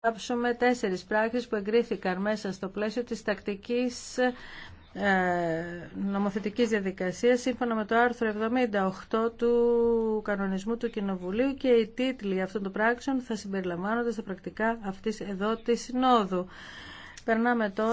περιγράψουμε τέσσερις πράξεις που εγκρίθηκαν μέσα στο πλαίσιο της τακτικής ε, νομοθετικής διαδικασίας σύμφωνα με το άρθρο 78 του κανονισμού του Κοινοβουλίου και οι τίτλοι αυτών των πράξεων θα συμπεριλαμβάνονται στα πρακτικά αυτής εδώ της Συνόδου. Περνάμε τώρα